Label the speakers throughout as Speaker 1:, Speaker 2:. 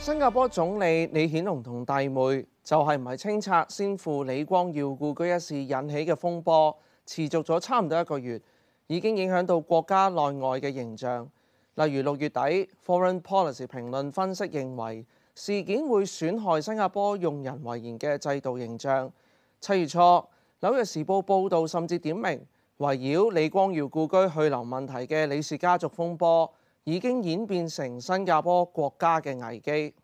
Speaker 1: 新加坡總理李顯龍同弟妹就係唔係清拆先父李光耀故居一事引起嘅風波，持續咗差唔多一個月，已經影響到國家內外嘅形象。例如六月底，《Foreign Policy》評論分析認為，事件會損害新加坡用人唯賢嘅制度形象。七月初，《紐約時報》報道甚至點名圍繞李光耀故居去留問題嘅李氏家族風波。已經演變成新加坡國家嘅危機。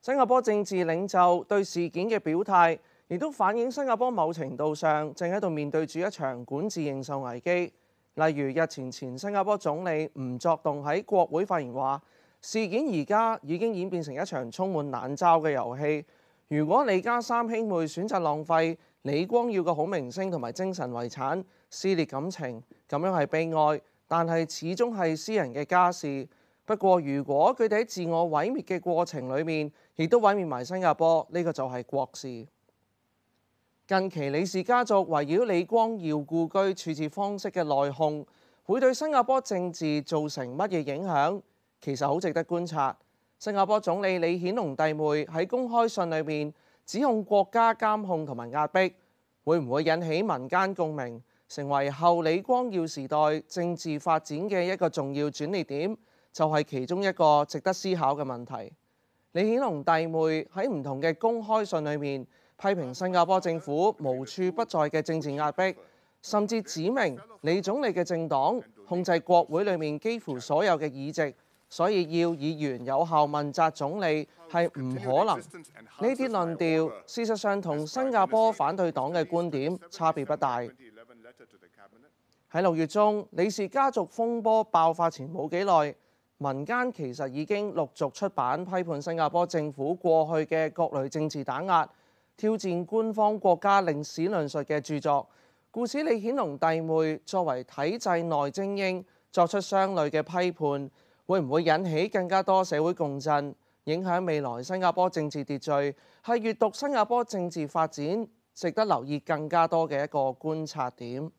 Speaker 1: 新加坡政治領袖對事件嘅表態，亦都反映新加坡某程度上正喺度面對住一場管治認受危機。例如，日前前新加坡總理吳作棟喺國會發言話：事件而家已經演變成一場充滿冷嘲嘅遊戲。如果李家三兄妹選擇浪費李光耀嘅好名聲同埋精神遺產，撕裂感情，咁樣係悲哀。但係始終係私人嘅家事。不過，如果佢哋喺自我毀滅嘅過程裏面，亦都毀滅埋新加坡，呢個就係國事。近期李氏家族圍繞李光耀故居處置方式嘅內訌，會對新加坡政治造成乜嘢影響？其實好值得觀察。新加坡總理李顯龍弟妹喺公開信裏面指控國家監控同埋壓迫，會唔會引起民間共鳴？成為後李光耀時代政治發展嘅一個重要轉捩點，就係、是、其中一個值得思考嘅問題。李顯龍弟妹喺唔同嘅公開信裏面，批評新加坡政府無處不在嘅政治壓迫，甚至指明李總理嘅政黨控制國會裏面幾乎所有嘅議席，所以要議員有效問責總理係唔可能。呢啲論調事實上同新加坡反對黨嘅觀點差別不大。喺六月中，李氏家族風波爆發前冇幾耐，民間其實已經陸續出版批判新加坡政府過去嘅各類政治打壓、挑戰官方國家歷史論述嘅著作。故此，李顯龍弟妹作為體制內精英，作出相類嘅批判，會唔會引起更加多社會共振？影響未來新加坡政治秩序？係閱讀新加坡政治發展，值得留意更加多嘅一個觀察點。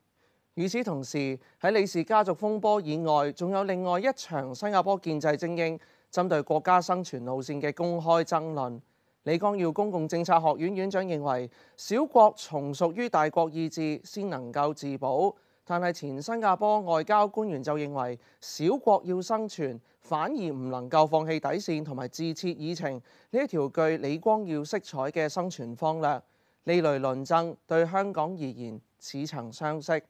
Speaker 1: 與此同時，喺李氏家族風波以外，仲有另外一場新加坡建制精英針對國家生存路線嘅公開爭論。李光耀公共政策學院院長認為，小國從屬於大國意志先能夠自保，但係前新加坡外交官員就認為，小國要生存反而唔能夠放棄底線同埋自設議程，呢一條具李光耀色彩嘅生存方略。呢類論爭對香港而言似曾相識。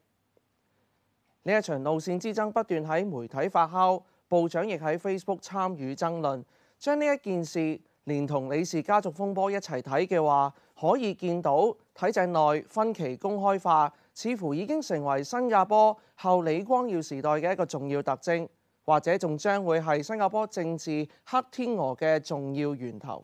Speaker 1: 呢一場路線之爭不斷喺媒體發酵，部長亦喺 Facebook 參與爭論。將呢一件事連同李氏家族風波一齊睇嘅話，可以見到體制內分歧公開化似乎已經成為新加坡後李光耀時代嘅一個重要特徵，或者仲將會係新加坡政治黑天鵝嘅重要源頭。